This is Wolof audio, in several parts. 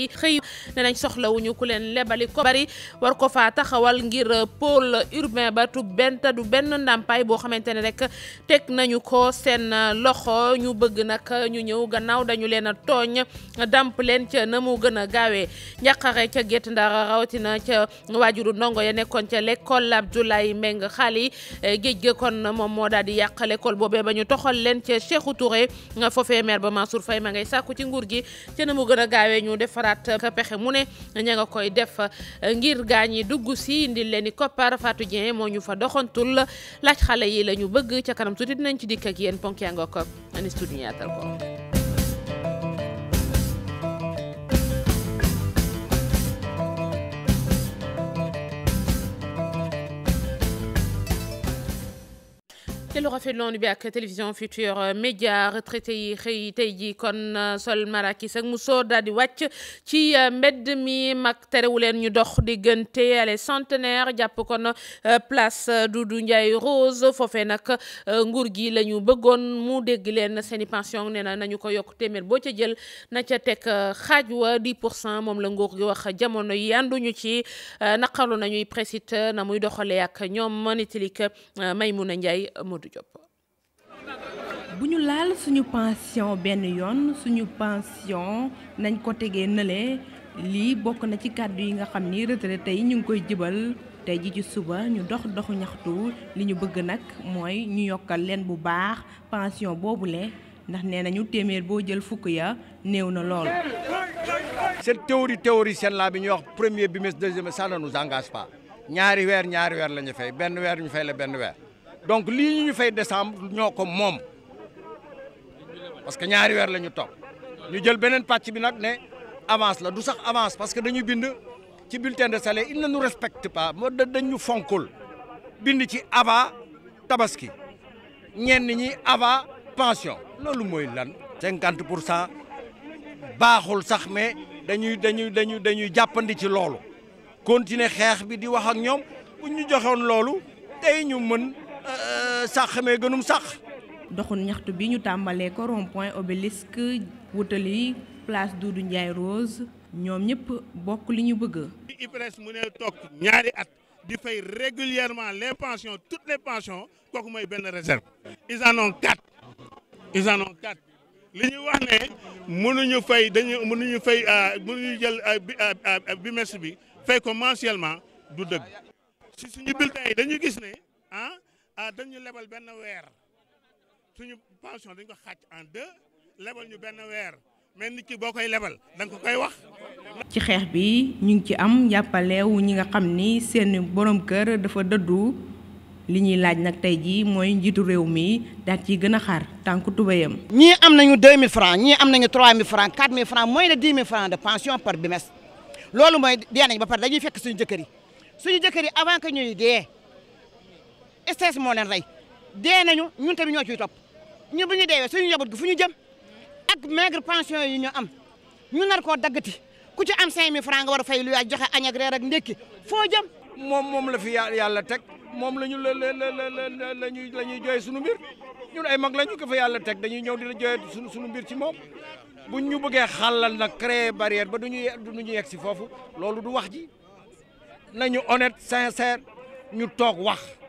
yi xëy ne nañ soxlawuñu ku leen lebali ko bari war ko faa taxawal ngir pôle urbain ba tu benn te du benn ndàmpaay boo xamante ne rek teg nañu ko seen loxo ñu bëgg nag ñu ñëw gannaaw dañu leen a tooñ dàmp leen ca na mu gën a gaawee njàqare ca Guet Ndar rawatina ca waajuru ndongo ya nekkoon ca lekkool l'école Abdoulaye Mbengue Xali géej ga kon moom moo daal di yàq l'école boobee ba ñu toxal leen ca Cheikhou Touré foofee maire ba Mansour Faye ma ngay sàkku ci nguur gi ca na mu gën xalaat pexe mu ne ña nga koy def fa eh, ngir gaañ yi dugg si indil leen i koppar Fatou moo ñu fa doxantul laaj xale yi la ñu bëgg ca kanam tuuti dinañ ci dikk ak yéen ponk yaa nga ko anis tuuti ko ci lu rafet noonu bi ak télévision Futurs Médias retraité yi xëy tey ji kon sol marakis ak musóor daal di wàcc ci euh, mbedd mi mag terewu leen ñu dox diggante allée centenaire jàpp kon euh, place euh, du du Ndiaye Rose foofee nag nguur gi la ñu bëggoon mu dégg leen seen i pension nee na nañu ko yokk téeméer boo ca jël na ca teg xaaj wa 10 moom la nguur gi wax jamono yi ànduñu ci naqaru nañuy précité na muy doxalee ak ñoom Nitalik Maymouna Ndiaye Modou Diop bu ñu laal suñu pension benn yoon suñu pension nañ ko tegee nële lii bokk na ci kàddu yi nga xam ni retraité yi ñu ngi koy jëbal tey ji ci suba ñu dox doxu ñaxtu li ñu bëgg nag mooy ñu yokkal leen bu baax boobu le ndax nee nañu téeméer boo jël fukk ya néew na lool. cette théorie théoricienne là bi ñuy wax premier bi deuxième ça ne nous engage ñaari weer ñaari weer la ñu fay benn weer ñu fay la benn weer. donc lii ñu fay décembre ñoo ko moom parce que ñaari weer lañu ñu toog ñu jël beneen pàcc bi nag ne avance la du sax avance parce que dañu bind ci bulletin de salaire il na nous respecte pas moo dañ ñu fonkul bind ci avant tabaski ñenn ñi avant pension loolu mooy lan cinquante pour cent baaxul sax mais dañuy dañuy dañuy dañuy jàppandi ci loolu continuer xeex di wax ak ñoom joxoon loolu mën Euh, sàq mee gënum sàq doxul ñaxtu bi ñu tàmbalee ko rond point obélisque wutali place Doudou Ndiaye Rose ñoom ñëpp bokk li ñu bëgg li IPRES mu ne toog ñaari at di fay régulièrement les pensions toutes les pensions kooku mooy benn réserve ils en ont quatre ils en ont quatre li ñu wax ne mënuñu fay dañu mënuñu fay euh, mënuñu jël euh, bimestre bi fay ko mensuellement du dëgg si suñu bulletin yi dañu gis ne ah dañu lebal benn weer suñu pension dañ ko xàcc en deux lebal ñu benn weer mais nit ci boo koy lebal da nga koy wax. ci xeex bi ñu ngi ci am jàppalewu ñi nga xam ni seen boroom kër dafa dëddu li ñuy laaj nag tey jii mooy njiitu réew mi daal ciy gën a xaar tànk tubéyam. ñii am nañu 2000 francs ñii am nañu 3000 francs 4000 francs mooy ne 10 000 francs de pension par bimestre loolu mooy dee nañ ba pare dañuy fekk suñu jëkkër yi suñu jëkkër yi avant que ñuy dee. stress moo leen rey dee nañu ñun tamit ñoo ciy topp ñu bu ñu deewee suñu njaboot gi fu ñu jëm ak maigre pension yi ñu am ñu nar koo daggati ku ci am 5000 francs nga war a fay lu yaa joxe añ ak reer foo jëm. moom moom la fi yàlla teg moom la ñu ñuy la ñuy jooy suñu mbir ñun mag la ñu ko fa yàlla teg dañuy ñëw di la jooy suñu suñu mbir ci moom buñ ñu bëggee xàllal nag créer barrière ba du ñu du ñu si foofu loolu du wax ji nañu honnête sincère ñu toog wax.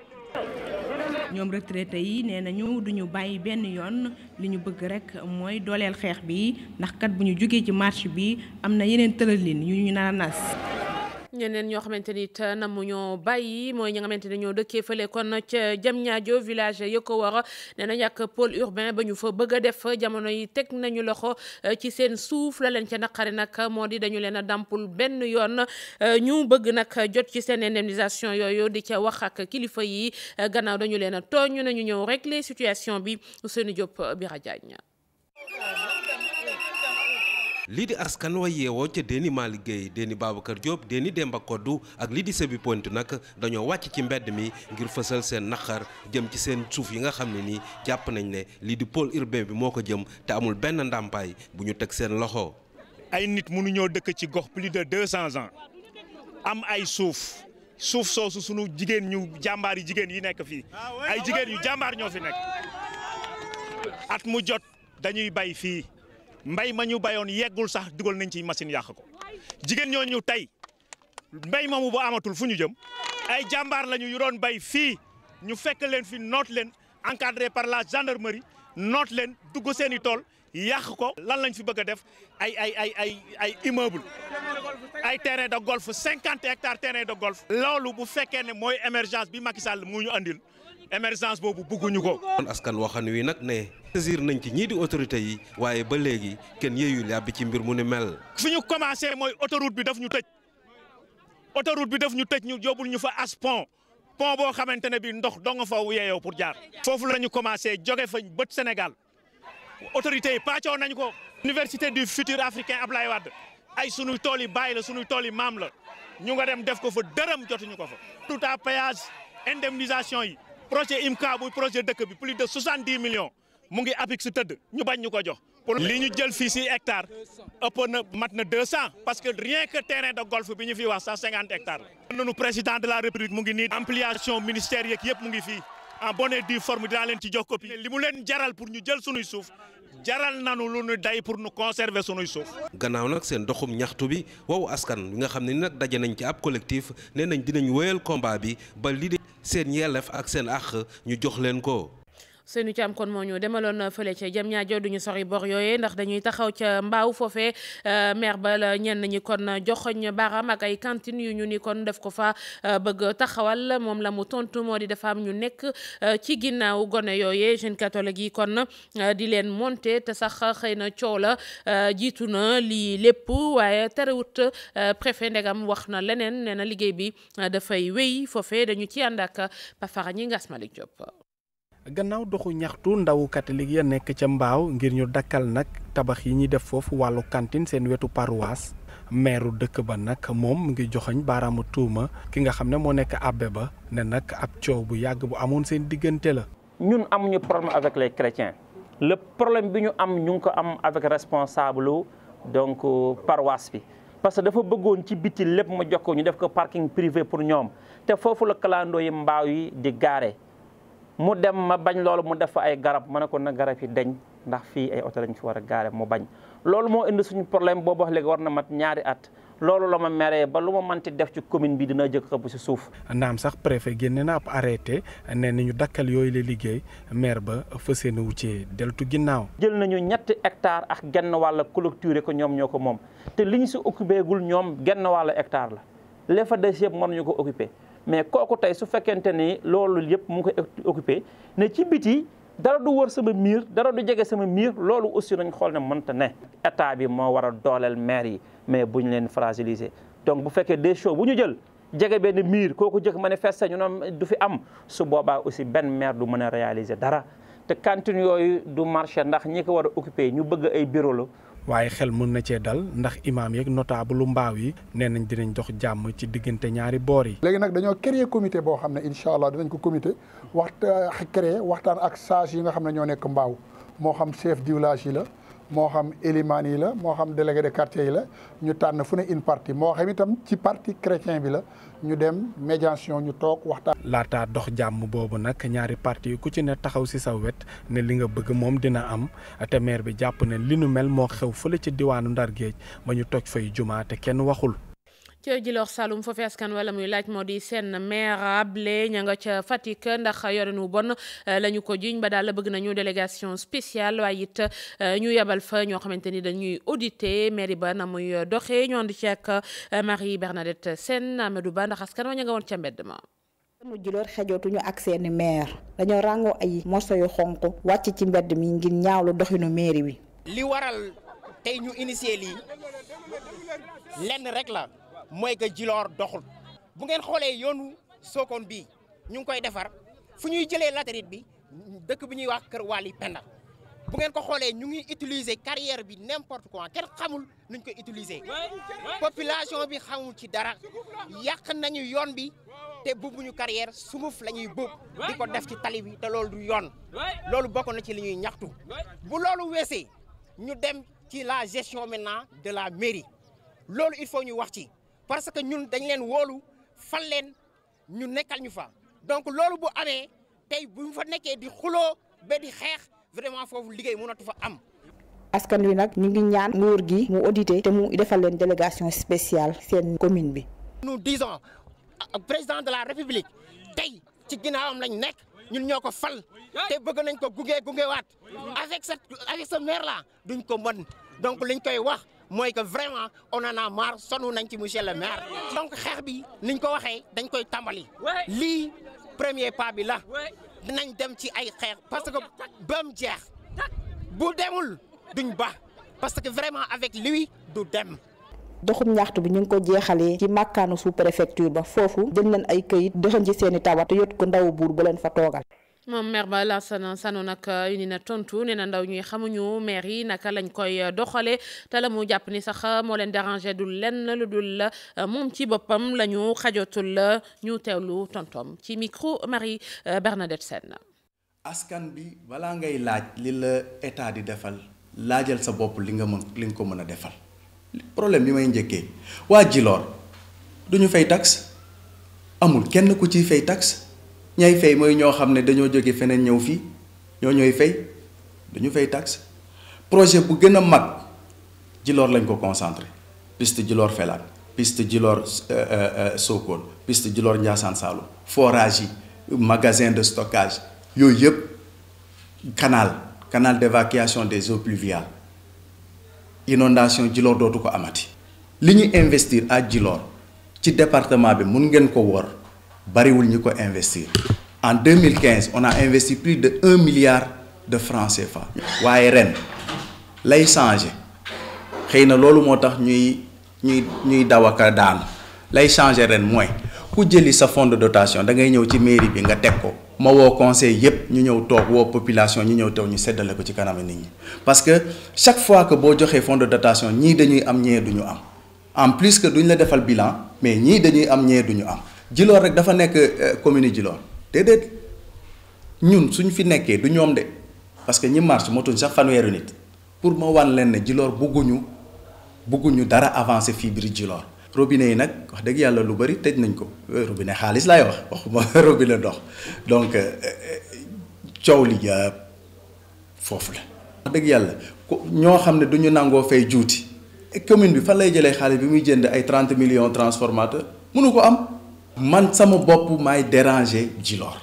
ñoom retraité yi nee nañu duñu bàyyi benn yoon li ñu bëgg rek mooy dooleel xeex bi ndax kat bu ñu jógee ci marche bi am na yeneen tëralin yu ñu nar a nas ñeneen ñoo xamante ni it euh, namu ñoo bàyyi mooy ñi nga xamante ne ñoo dëkkee fële kon ca Diamniadio village ya ko war nee nañ ak pôle urbain ba ñu fa bëgg a def jamono yi teg nañu loxo euh, ci seen suuf la leen ca naqari nag moo di dañu leen a dàmpul benn yoon euh, ñu bëgg nag jot ci seen indemnisation yooyu di ca wax ak kilifa yi gannaaw dañu leen a tooñ nañu ñëw régler situation bi Ousseynou Diop Bira Diagne lii di askan wa yeewoo ca Déni Malick Guèye Déni Babacar Diop Déni Demba Koddu ak lii di Sébi Ponti nag dañoo wàcc ci mbedd mi ngir fësal seen naqar jëm ci seen suuf yi nga xam ne nii jàpp nañ ne lii di pôle urbain bi moo ko jëm te amul benn ndàmpaay bu ñu teg seen loxo. ay nit mënuñoo dëkk ci gox plus de deux cents am ay suuf suuf soosu sunu jigéen ñu jàmbaar yi jigéen yi nekk fii ay jigéen yu jàmbaar ñoo fi nekk at mu jot dañuy bay fii. mbay ma ñu bayoon yeggul sax dugal nañ ci machine yàq ko jigéen ñooñu tey mbay moomu bu amatul fu ñu jëm ay jàmbaar lañu yu doon bay fii ñu fekk leen fi noot leen encadré par la gendarmerie noot leen dugg seen i tool yàq ko lan lañ fi bëgg a def ay ay ay ay ay immeuble ay terrain de golf cinquante hectares terrain de golf loolu bu fekkee ne mooy émergence bi Macky Sall mu ñu andil émersance boobu bëgguñu ko. kon askan waxan wi nag ne. saisir nañ ci ñii di autorité yi waaye ba léegi kenn yeyul yàbbi ci mbir mu ni mel. fi ñu commencé mooy autoroute bi daf ñu tëj autoroute bi daf ñu tëj ñu yóbbul ñu fa as pon pont boo xamante ne bii ndox dong fa yeeyoo pour jaar. foofu la ñu commencé jóge fa bët Sénégal autorité yi pàccoo nañ ko. université du futur africain lay Wade ay sunuy tool yi bàyyi la sunuy tool yi maam la ñu nga dem def ko fa dërëm jotuñu ko fa. tout à péage indemnisation yi. projet IMCA bu projet dëkk bi plus de soixante dix millions mu ngi apix si tëdd ñu bañ ñu ko jox. li ñu jël fii si hectare ëpp na mat na deux cent parce que rien que terrain de golf bi ñu fi wax cent cinquante hectares la. nanu président de la république mu ngi nii. ampliation ministère yeeg yëpp mu ngi fii en bonne et forme dinaa leen ci jox copie. li mu leen jaral pour ñu jël sunuy suuf. jaral nanu lu ñu day pour nu conserver sunuy suuf. gannaaw nag seen doxum ñaxtu bi wow askan bi nga xam ne ni nag daje nañ ci ab collectif nee nañ dinañ wéyal combat bi ba li de seen yelleef ak seen àq ñu jox leen ko. seenu ci am kon moo ñu demaloon fële ca jëm ñaa duñu sori bor yooyee ndax dañuy taxaw ca mbaaw foofee euh, maire ba la ñenn ñi kon joxoñ baaraam ak ay cantines yu ñu ni kon def ko fa euh, bëgg taxawal moom la mu tontu moo di dafa am ñu nekk euh, ci ginnaaw gone yooyee jeune catholique yi kon di leen monter te sax xëy na coow la jiitu na lii lépp waaye terewut préfet ndegam wax na leneen nee na liggéey bi dafay wéy foofee dañu ci ànd ak Pafara ñi Ngas Malick Diop gannaaw doxu ñaxtu ndawu catholique ya nekk ca mbaaw ngir ñu dakkal nag tabax yi ñuy def foofu wàllu cantine seen wetu paroisse meeru dëkk ba nag moom mu ngi joxoñ baaraamu tuuma ki nga xam ne moo nekk abbé ba ne nag ab coow bu yàgg bu amoon seen diggante la. ñun am amuñu problème avec les chrétiens le problème bi ñu am ñu ngi ko am avec responsable donc paroisse bi. parce que dafa bëggoon ci biti lépp ma jox ko ñu def ko parking privé pour ñoom te foofu la kalandoo mbaaw yi di mu dem ma bañ loolu mu def fa ay garab ma ne ko na garab yi deñ ndax fii ay oto lañ fi war a gaare mu bañ loolu moo indi suñu problème boobu wax léegi war na mat ñaari at loolu la ma meree ba lu ma mënti def ci commune bi dina jëkk xëpp si suuf. naam sax préfet génne na ab arrêté ne na ñu dakkal yooyu la liggéey maire ba fas yéene wu ci deltu ginnaaw. jël nañu ñetti hectare ak genn wàll clôturé ko ñoom ñoo ko moom te li ñu si occupé gul ñoom genn wàll hectare la li fa des yëpp mënuñu ko occupé. mais kooku tey su fekkente ni loolu yëpp mu ko koy occupé ne ci biti dara du wër sama miir dara du jege sama miir loolu aussi nañ xool ne mënta ne état bi moo war a dooleel maire yi mais bu ñu leen fragiliser donc bu fekkee des choses bu ñu jël jege benn miir kooku jëkk manifester ñu ne du fi am su boobaa aussi benn maire du mën a réaliser dara te cantine yooyu du marché ndax ñi ko war a occupé ñu bëgg ay bureau waaye xel mën na cee dal ndax imaam yeeg lu mbaaw yi nee nañ dinañ jox jàmm ci diggante ñaari boor yi. léegi nag dañoo créer comité boo xam ne incha allah dinañ ko comité waxta créer waxtaan ak sages yi nga xam ne ñoo nekk mbaaw moo xam chef du yi la. moo xam élimaan yi la moo xam délégué de quartier yi la ñu tànn fu ne une partie moo xam itam ci parti chrétien bi la ñu dem médiation ñu toog waxtaan. laataa dox jàmm boobu nag ñaari parti ku ci ne taxaw si sa wet ne li nga bëgg moom dina am atemeer bi jàpp ne li nu mel moo xew fële ci diwaanu Ndar Géej ba ñu toj fay jumaa te kenn waxul. ca Djilor Saloum foofee askan wala muy laaj moo di seen maire Blé ña nga ca Fatick ndax yore nu bon eh, la ko jiñ ba daal la bëgg nañu délégation spéciale waaye it eh, ñu yebal fa ñoo xamante ni dañuy auditer mairie ba na muy doxee ñu ànd ci ak eh, Marie Bernadette Sène Amadou Ba ndax askan wa ña nga woon ca mbedd ma. nu Djilor xejootuñu ak seeni maire dañoo ràngoo ay morso yu xonq wàcc ci mbedd mi ngir ñaawlu doxinu mairie bi. li waral tey ñu initier lii lenn mooy que Djilor doxul bu ngeen xoolee yoonu Sokone bii ñu ngi koy defar fu ñuy jëlee latérite bi dëkk bu ñuy wax kër Wali Penda bu ngeen ko xoolee ñu ngi utiliser carrière bi n'importe quoi kenn xamul nañ ko utiliser population bi xamul ci dara yàq nañu yoon bi te ñu carrière sunguf la ñuy buub di ko def ci tali bi te loolu du yoon loolu bokk na ci li ñuy ñaxtu bu loolu weese ñu dem ci la gestion maintenant de la mairie loolu il faut ñu wax ci parce que ñun dañ leen woolu fal leen ñu nekkal ñu fa donc loolu bu amee tey bu ñu fa nekkee di xuloo be di xeex vraiment foofu liggéey mënatu fa am. askan wi nag ñu ngi ñaan nguur gi mu audité te mu defal leen délégation spéciale seen commune bi. nous disons euh, président de la république tey ci ginnaawam lañ nekk ñun ñoo ko fal te bëgg nañ ko gunge gungewaat avec cette avec ce maire là duñ ko mën donc liñ koy wax. mooy que vraiment on en a marre sonu nañ ci monsieur le maire. donc xeex bi niñ ko waxee dañ koy tàmbali. lii premier pas bi la. dinañ dem ci ay xeex parce que ba mu jeex. bu demul duñ ba parce que vraiment avec lui du dem. doxum ñaxtu bi ñu ngi ko jeexalee ci màkkaanu sous préfecture ba foofu jël nañ ay këyit dëxañ ci seeni tawat te yot ko ndaw buur bu leen fa toogal. moom maire ba Lansana Sano nag euh, ni na tontu nee na ndaw ñuy xamuñu maire yi naka lañ koy euh, doxalee te la mu jàpp ni sax euh, moo leen déranger du lenn lu dul moom ci boppam la ñu xajotul ñu teewlu tontoom ci micro Marie Bernadette Sène. askan bi balaa ngay laaj li la état di defal laajal sa bopp li nga mën li nga ko mën a defal problème bi may njëkkee waa Djilor du ñu fay taxe amul kenn ku ciy fay taxe. ñay fay mooy ñoo xam ne dañoo jóge feneen ñëw fii ñoo ñooy fay dañu fay taxe projet bu gën a mag Djilor lañ ko concentré piste Djilor Felaat piste Djilor euh, euh, euh, Sokone piste Djilor Ndiassane Saloum forage yi magasin de stockage yooyu yëpp canal canal vacuation des eaux pluviales inondation Djilor dootu ko amati. li ñu investir à Djilor ci département bi mun ngeen ko wor bariwul ñu ko investir en deux mille quinze on a investir plus de un milliard de francs fa waaye ren lay changé xëy na loolu moo tax ñuy ñuy ñuy daw ak daanu lay changé ren mooy ku jëli sa fonds de dotation da ngay ñëw ci mairie bi nga teg ko ma woo conseil yépp ñu ñëw toog woo population ñu ñëw toog ñu seddale ko ci kanam nit ñi parce que chaque fois que boo joxee fond de dotation ñii dañuy am ñee duñu am en plus que duñ la defal bilan mais ñii dañuy am ñee duñu am Djilor rek dafa nekk euh, commune yi Djilor déedéet ñun suñ fi nekkee du ñoom de parce que ñi marche motuñ sax fanweeri nit pour ma wan leen ne Djilor bugguñu bugguñu dara avancé fii biir Djilor robinet yi nag wax dëgg yàlla lu bari tëj nañ ko euh, robinet xaalis laay wax waxuma robinet dox donc euh, coow li foofu la. wax dëgg yàlla ñoo xam ne du ñu nangoo fay juuti commune bi fan lay jëlee xaalis bi muy jënd ay 30 millions transformateur mënu ko am. man sama bopp maay déranger Djilor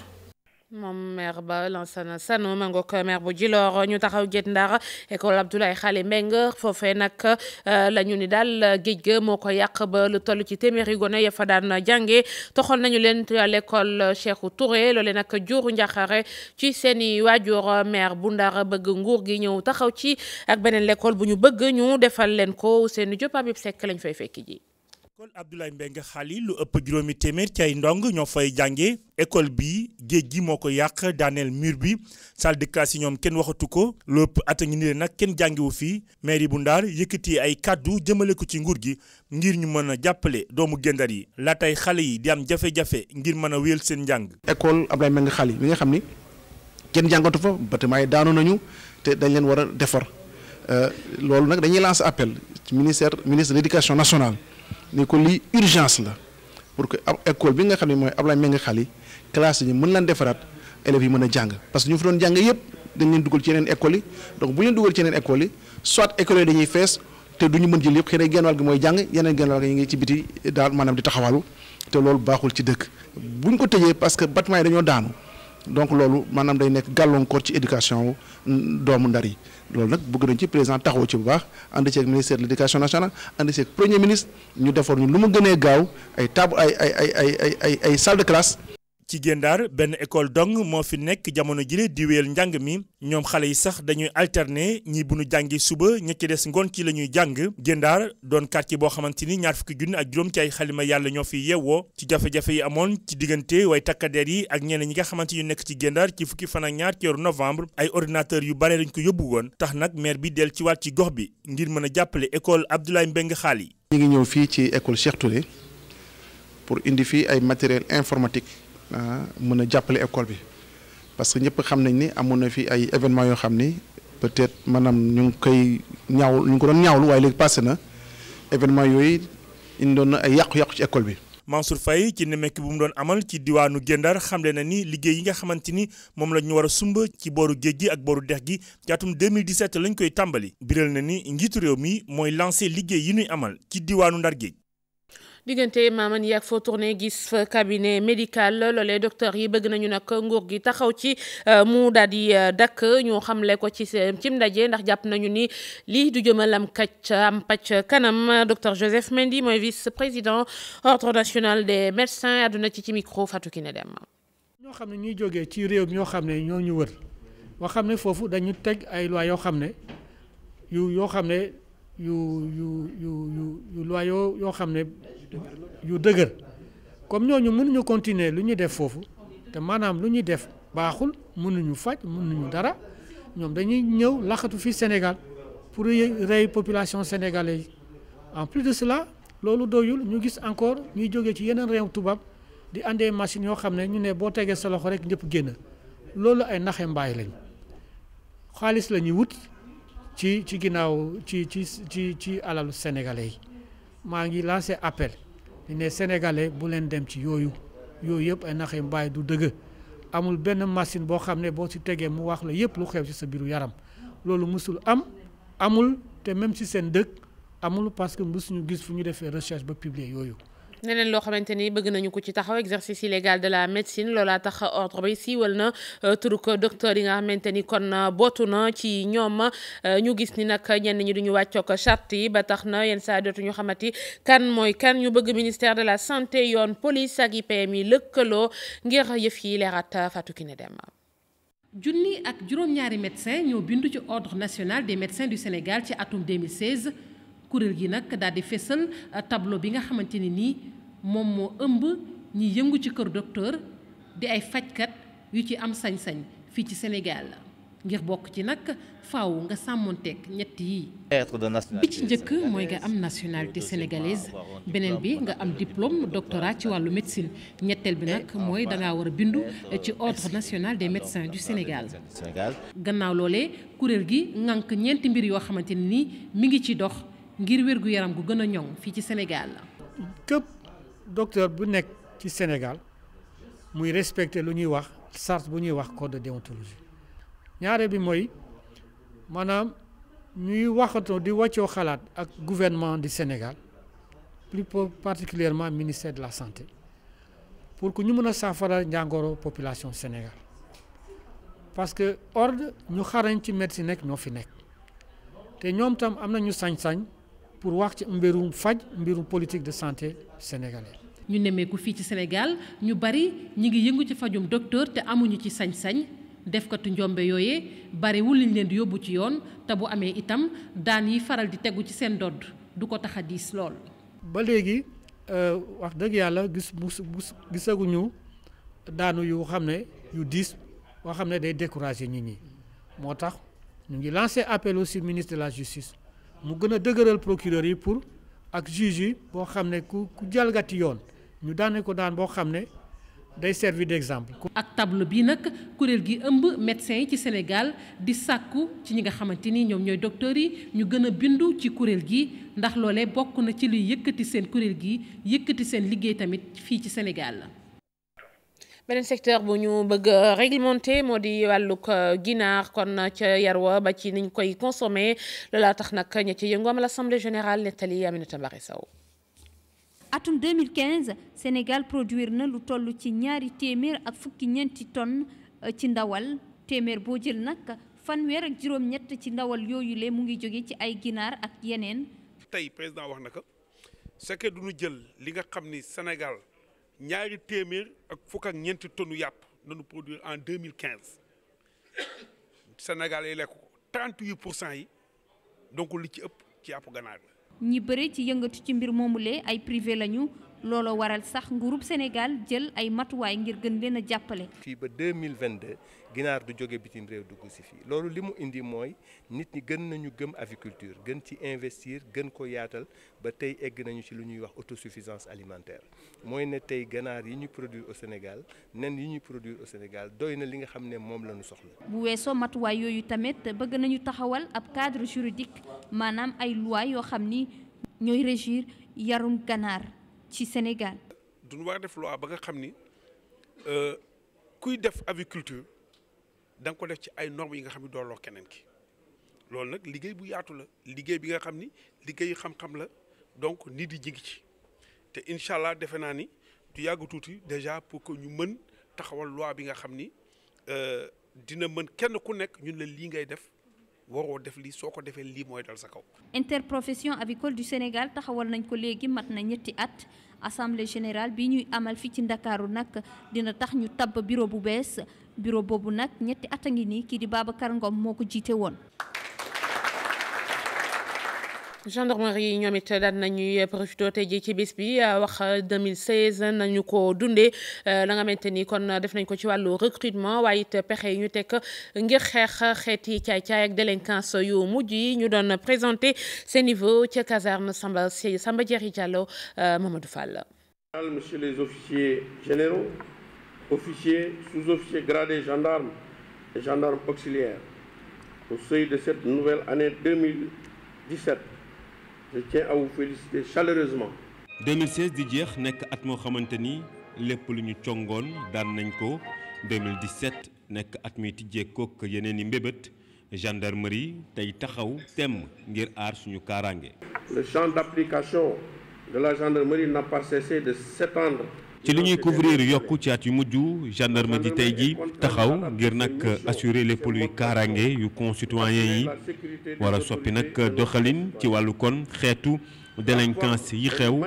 moom maire ba Lansana Sano ma nga ko bu Djilor ñu taxaw Guet Ndar école Abdoulaye Khale Mbengue foofee nag euh, lañu ni daal géej ga moo ko yàq ba lu toll ci téeméeri gone ya fa daan jàngee toxal nañu leen l' école Cheikhou loole nag juru njaqare ci seen i waajur maire bu Ndar bëgg nguur gi ñëw taxaw ci ak beneen l'école bu ñu bëgg ñu defal leen ko Ousseynou Diop Habib sekk lañ fay fekk ji. école Abdoulaye Mbengue Xali lu ëpp juróomi téeméer ci ay ndong ñoo fay jànge école bi géej gi moo ko yàq daaneel mur bi salle de classe yi ñoom kenn waxatu ko lu ëpp at nag kenn jàngiwu fii mairie bu Ndar yëkkati ay kàddu jëmale ko ci nguur gi ngir ñu mën a jàppale doomu Guet-Ndar yi laatay xale yi di am jafe-jafe ngir mën a wéyal seen njàng. école Abdoulaye Mbengue Xali mi nga xam ni kenn jàngatu fa bâtiment yi daanu nañu te dañ leen war a defar euh, loolu nag dañuy lancer appel ci ministère ministre de l'éducation ni ko lii urgence la pour que ab école bi nga xam ne mooy Ablaye Mbengue Xali classe yi mën laan defaraat élèves yi mën a jàng parce que ñu fi doon jàng yëpp dañ leen dugal ci yeneen école bu leen dugal ci yeneen école yi soit école yi dañuy fees te du ñu mën jël yëpp xëy na genn wàll gi mooy jàng yeneen genn wàll gi ñu ngi ci biti daal maanaam di taxawalu te loolu baaxul ci dëkk bu ñu ko tëjee parce que bâtiment yi dañoo daanu donc loolu maanaam day nekk gàlloon gàllankoor ci éducation doomu ndar yi loolu nag bëgg nañ ci président taxaw ci bu baax ànd ci ak ministère de l'éducation nationale ànd ci ak premier ministre ñu defar ñu lu mu gënee gaaw ay table ay ay ay ay ay ay salle de classe ci guet benn école dong moo fi nekk jamono jile di wéyal njàng mi ñoom xale yi sax dañuy alterne ñi bu ñu jàngi suba ña ci des ngoon ci la ñuy jàng guet doon quartier boo xamante ni ñaar fukki junni ak juróom ci ay xalima yàlla ñoo fi yeewoo ci jafe-jafe yi amoon ci diggante way takkadeer yi ak ñeneen ñi nga xamante ñu nekk ci guet ci fukki fan ak ñaar ci novembre ay ordinateur yu bare lañ ko yóbbu woon tax nag maire bi del ci waat ci gox bi ngir mën a jàppale école Abdoulaye Mbengue Xaali ñu ngi ñëw fii ci école Cheikh Touré pour indi fii ay matériel informatique Ah, mën a jàppale école bi parce que ñëpp xam nañ ni amoon na fi ay événements yoo xam ni peut-être maanaam ñu ngi koy ñaaw ñu ngi ko doon ñaawlu waaye léegi passé na événement yooyu indoon na ay yàqu-yàqu ci école bi. Mansour Faye ci nemmeeku bu mu doon amal ci diwaanu Gendar xamle na ni liggéey yi nga xamante ni moom la ñu war a sumb ci booru géej gi ak booru dex gi ci atum 2017 lañ koy tàmbali. biral na ni njiitu réew mi mooy lancé liggéey yi nuy amal ci diwaanu Ndar géej. diggante maaman yi ak foo tourné gis fa cabinet médical loolee docteur yi bëgg nañu nag nguur gi taxaw ci euh, mu daal di euh, dakk xam xamle ko ci cim ndaje ndax jàpp nañu ni lii du jëmal am kacc am pàcc kanam docteur Joseph Mendy mooy vice président ordre national des médecins àdduna ci ci micro Fatou Kiné Dem ñoo xam ne ñuy jógee ci réew ñoo xam ne ñoo ñu wër boo xam ne foofu dañu teg ay loi yoo xam ne yoo xam ne yu yu yu yu loi yoo xam ne yu dëgër comme ñooñu mënuñu continuer lu ñuy def foofu te maanaam lu ñuy def baaxul mënuñu faj mënuñu dara ñoom dañuy ñëw laxatu fii Sénégal pour rey population sénégalaise yi en plus de cela loolu doyul ñu gis encore ñuy jóge ci yeneen réew tubaab di àndee machine yoo xam ne ñu ne boo tegee sa loxo rek ñëpp génn loolu ay naxe mbaay lañ xaalis la wut ci ci ginnaaw ci ci ci ci alalu sénégalais yi maa ngi lancé appel di ne sénégalais bu leen dem ci yooyu yooyu yëpp ay naxe mbaay du dëgg amul benn machine boo xam ne boo si tegee mu wax la yëpp lu xew ci sa biiru yaram loolu musul am amul te même si seen dëkk amul parce que musuñu gis fu ñu defee recherche ba publier yooyu neneen loo xamante ni bëgg nañu ko ci taxaw exercice illégal de la médecine loola tax ordre bi siiwal na euh, turuk docteur yi nga xamante ni kon euh, bootu na ci ñoom ma euh, ñu gis ni nag ñenn ñi duñu wàccook charte yi ba tax na yenn saa dootuñu xamati kan mooy kan ñu bëgg ministère de la santé yoon police ak IPM yi lëkkaloo ngir yëf yi leeraat Fatou Kiné Dem junni ak juróom-ñaari médecin bindu ci ordre national des médecins du Sénégal ci atum 2016 kuréel gi nag daal di fesal euh, tableau bi nga xamante ne nii moom moo ëmb ñi yëngu ci kër docteur di ay fajkat yu ci am sañ-sañ fii ci Sénégal ngir bokk ci nag faw nga sàmmonteeg ñett yi. bi ci njëkk mooy nga am nationalité sénégalaise beneen bi nga am diplôme doctorat ci wàllu médecine ñetteel bi nag mooy dangaa war a bindu ci ordre national des médecins du Sénégal. gannaaw loolee kuréel gi ŋànk ñeenti mbir yoo xamante ni mi ngi ci dox. ngir wérgu yaram gu gën a ñoŋ fii ci Sénégal. képp docteur bu nekk ci Sénégal muy respecter lu ñuy wax charte bu ñuy wax code de déontologie ñaare bi mooy maanaam ñuy waxatoo di wàccoo xalaat ak gouvernement du Sénégal plus particulièrement ministère de la santé pour que ñu mën a saafara njàngoro population Sénégal parce que ordre ñu xarañ ci médecine nekk ñoo fi nekk te ñoom tam am nañu sañ-sañ. pour wax ci mbirum faj mbirum politique de santé sénégalaise. ñu nemmeeku fii ci Sénégal ñu bari ñi ngi yëngu ci fajum docteur te amuñu ci sañ-sañ defkatu njombe yooye bariwul liñ leen di yóbbu ci yoon te bu amee itam daan yi faral di tegu ci seen dodd du ko tax a diis lool. ba léegi euh, wax dëgg yàlla gis gisaguñu daanu yu xam ne yu diis boo xam ne day décourager nit ñi moo tax ñu ngi lancer appel aussi ministre de la justice. mu gën a dëgëral procureur yi pour ak juge yi boo xam ne ku ku jalgati yoon ñu daane ko daan boo xam ne day servir d'exemple. ak table bi nag kuréel gi ëmb médecins yi ci Sénégal di sàkku ci ñi nga xamante ni ñoom ñooy docteurs yi ñu gën a bindu ci kuréel gi ndax loole bokk na ci luy yëkkati seen kuréel gi yëkkati seen liggéey tamit fii ci Sénégal. beneen secteur bu ñu bëgg réglementé moo di wàllug euh, ginaar kon ca yarwa ba ci niñ koy consommé loolaa tax nag ña ci yëngu am l'assemblée générale nettali Aminata Mbaxe saw atum 2015 Sénégal produire na lu toll ci ñaari téeméer ak fukki ñeenti tonnes euh, ci ndawal téeméer boo jël nag fanweer ak juróom-ñett ci ndawal yooyu le mu ngi jóge ci ay ginaar ak yeneen. tey président wax na ko c'est que jël li nga xam ni Sénégal. ñaari téeméer ak fukk ak ñeenti tonnes yàpp nanu produire en deux mille quinze Sénégal yi lekk trente huit pour cent yi donc li ci ëpp ci yàpp ganaar la. ñi bëri ci yëngatu ci mbir moomulee ay privé lañu. looloo waral sax nguurub Sénégal jël ay matuwaay ngir gën leen a jàppale. fii ba deux mille vingt deux ginaar du joge bitim réew dugg si fii loolu li mu indi mooy nit ñi gën nañu gëm aviculture gën ci investir gën ko yaatal ba tey egg nañu ci lu ñuy wax autosuffisance alimentaire mooy ne tey ganaar yi ñu produire au Sénégal nen yi ñu produire au Sénégal doy na li nga xam ne moom la ñu soxla. bu weesoo matuwaay yooyu tamit bëgg nañu taxawal ab cadre juridique maanaam ay loi yoo xam ni ñooy régir yarum ganaar. ci Sénégal. duñu war a def loi ba nga xam ni euh, kuy def aviculture da nga ko def ci ay normes yi nga xam ni dooloo keneen ki loolu nag liggéey bu yaatu la liggéey bi nga xam ni liggéey xam-xam la donc nit di jigi ci te incha allah defe naa ni du yàgg tuuti déjà pour que ñu mën taxawal loi bi nga xam ni euh, dina mën kenn ku nekk ñun la lii ngay def. waroo def lii soo ko defee lii mooy dal sa kaw. interprofession avicole du Sénégal taxawal nañ ko léegi mat na ñetti at assemblée générale bi ñuy amal fii ci ndakaaru nag dina tax ñu tabb bureau bu bees bureau boobu nag ñetti at a ngi nii kii di Babacar Ngom moo ko jiite woon. gendarmerie yi ñoom it daan nañuy profité tey ji ci bis bi euh, wax 2016 euh, nañu ko dundee euh, la nga xamante ni kon def nañ ko ci wàllu recrutement waaye it pexe ñu teg ngir xeex xeeti caay-caay ak délinquance yu mujj yi ñu doon présenté seen niveau ca caserne Samba Samba Diéry Diallo Mamadou Fall. Monsieur les officiers généraux, officiers, sous-officiers gradés gendarmes et gendarmes auxiliaires, au seuil de cette nouvelle année je tiens à vous féliciter chaleureusement. di jeex nekk at moo xamante ni lépp lu ñu jongoon daan nañ ko 2017 nekk at mi tijjee kook yeneen i mbébét gendarmerie tey taxaw temm ngir aar suñu kaaraange. le champ d'application de la gendarmerie n'a pas cessé de s'étendre ci li ñuy couvrir yokku ci at yu mujj gendarmerie tey ji taxaw ngir nag assurer lépp luy kaaraange yu concitoyens yi war soppi nag doxalin ci wàllu kon xeetu délinquance yi xew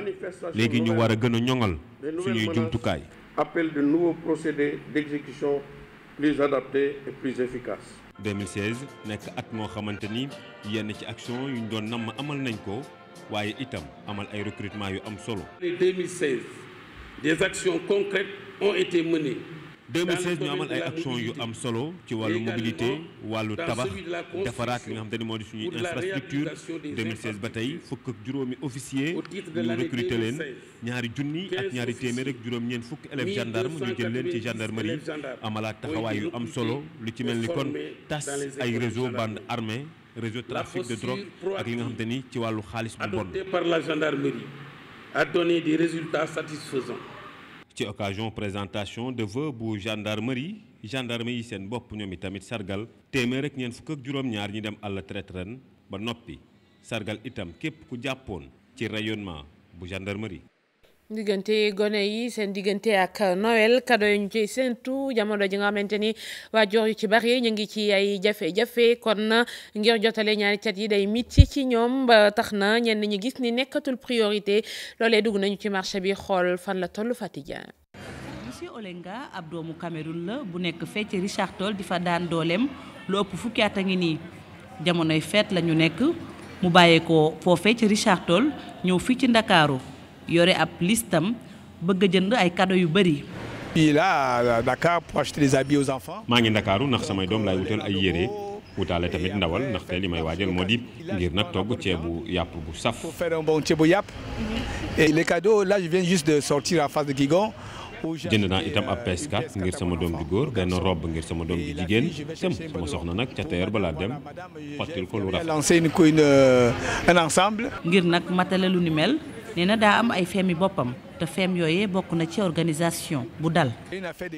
léegi ñu war a gën a ñoŋal suñuy jumtukaay. appel de nouveaux procédés d'exécution nekk at moo xamante ni yenn ci action yu doon namm amal nañ ko waaye itam amal ay recrutement yu am solo. des actions concrètes ont été menées. ñu amal ay action yu am solo ci wàllu mobilité wàllu tabax defaraat li nga xam te ne moo di suñuy infrastructure 2016 ba tey fukk ak juróomi officier ñu recruter leen ñaari junni ak ñaari téeméer ak juróom-ñeent fukki élèves gendarme ñu jël leen ci gendarmerie amalaat taxawaay yu am solo lu ci mel ni kon tas ay réseau bande armée réseau trafic de drogue ak li nga xamte ni ci wàllu xaalis bu bon. par la gendarmerie a donné ci occasion présentation de vœux bu gendarmerie gendarme yi seen bopp ñoom tamit sargal téeméer rek ñeent fukk ak juróom-ñaar ñi dem à la ren ba noppi sargal itam képp ku jàppoon ci rayonnement bu gendarmerie. diggante gone yi seen diggante ak nowel kado yi ñu ciy séntu jamono ji nga xamante ni waajur yu ci bari ñu ngi ci ay jafe-jafe kon ngir jotale ñaari cat yi day miti ci ñoom ba tax na ñenn ñi gis ni nekkatul priorité loolee dugg nañu ci marché bi xool fan la toll Fatidia. monsieur Olenga ab doomu Cameroun la bu nekk fee ci Richard di fa daan dooleem lu ëpp fukki at a ngi nii jamonoy feet la ñu nekk mu bàyyeekoo foofee ci Richard Toll ñëw fii ci Ndakaaru. yore ab listam bëgg a jënd ay cadeau yu bëri. fii la maa ngi ndakaaru ndax samay doom laay wutal ay yére wutaale tamit ndawal ndaxte li may waajal moo di ngir nag togg ceebu yàpp bu saf. pour faire un bon ceebu yàpp. et les cadeaux là jënd naa itam ab euh, ps ngir sama doom ju góor benn robe ngir sama doom ju jigéen itam sama soxna nag ca teer balaa dem fàttali ko lu rafet. lancer une euh, un ensemble. ngir nag matale lu ni mel nee na daa am ay feem yi boppam te feem yooye bokk na ci organisation bu dal.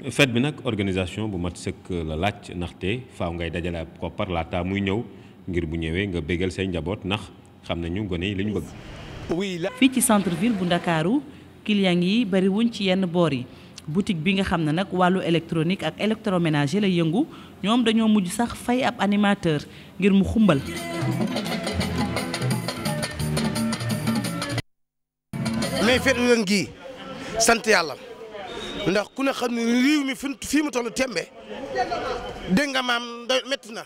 fête bi nag organisation bu mat sëkk la laaj ndaxte faw ngay dajale ko par laata muy ñëw ngir bu ñëwee nga bégal say njaboot ndax xam ñu gone yi li ñu bëgg. fii ci centre ville bu Ndakaaru clients yi bari wuñ ci yenn boor yi. boutique bi nga xam ne nag wàllu électronique ak électroménager la yëngu ñoom dañoo mujj sax fay ab animateur ngir mu xumbal mais feetu sant yàlla ndax ku ne xam ne réew mi fii mu toll tembe dégg nga maam da métti na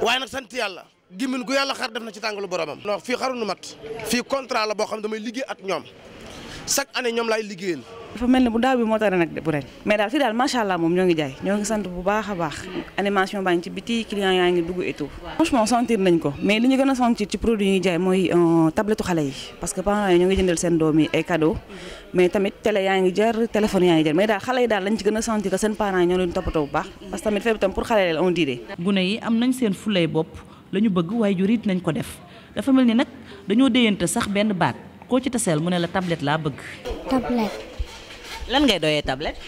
waaye nag sant yàlla gémmiñ gu yàlla xar def na ci tàngalu boromam. non fii xaru nu mat fii contrat la boo xam ne damay liggéey ak ñoom chaque année ñoom laay liggéeyal. dafa mel ni bu daaw bi moo tare nag bu ren mais daal fii daal macha allah moom ñoo ngi jaay ñoo ngi sant bu baax a baax animation baa ngi ci biti client yaa ngi dugg et tout sentir nañ ko mais li ñu gën a sentir ci produit yi ñuy jaay mooy euh, tablettu xale yi parce que parents yi ñoo ngi jëndal seen doom yi ay mm-hmm. mais tamit télé yaa ngi jar téléphone yaa ngi jar mais daal xale yi daal lañ ci gën a sentir que seen parents yi ñoo leen toppatoo seen fulay bopp la ñu bëgg waaye jurit nañ ko def dafa mel ni nag dañoo déyante sax benn baat koo ci taseel mu ne la tablette laa bëgg lan ngay doyee tablette.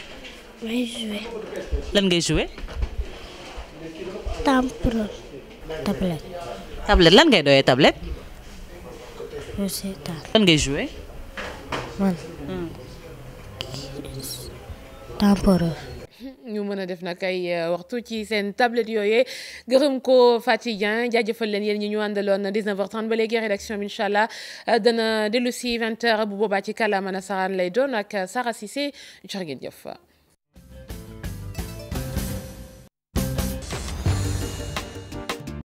may jouer. lan ngay jouer. tampon tablette. tablette lan ngay doyee tablette. je sais lan ngay jouer. man. Hmm. tamporeur. ñu mën a def nag ay euh, waxtu ci seen tablette yooyee gërëm ko Faty Dieng jaajëfal leen yéen ñi ñu àndaloon 19h30 ba léegi rédaction bi incha allah euh, dana dellu si 20 bu boobaa ci kàllaama nasaraan lay doon ak euh, Sara Cissé jërë ngeen jëf.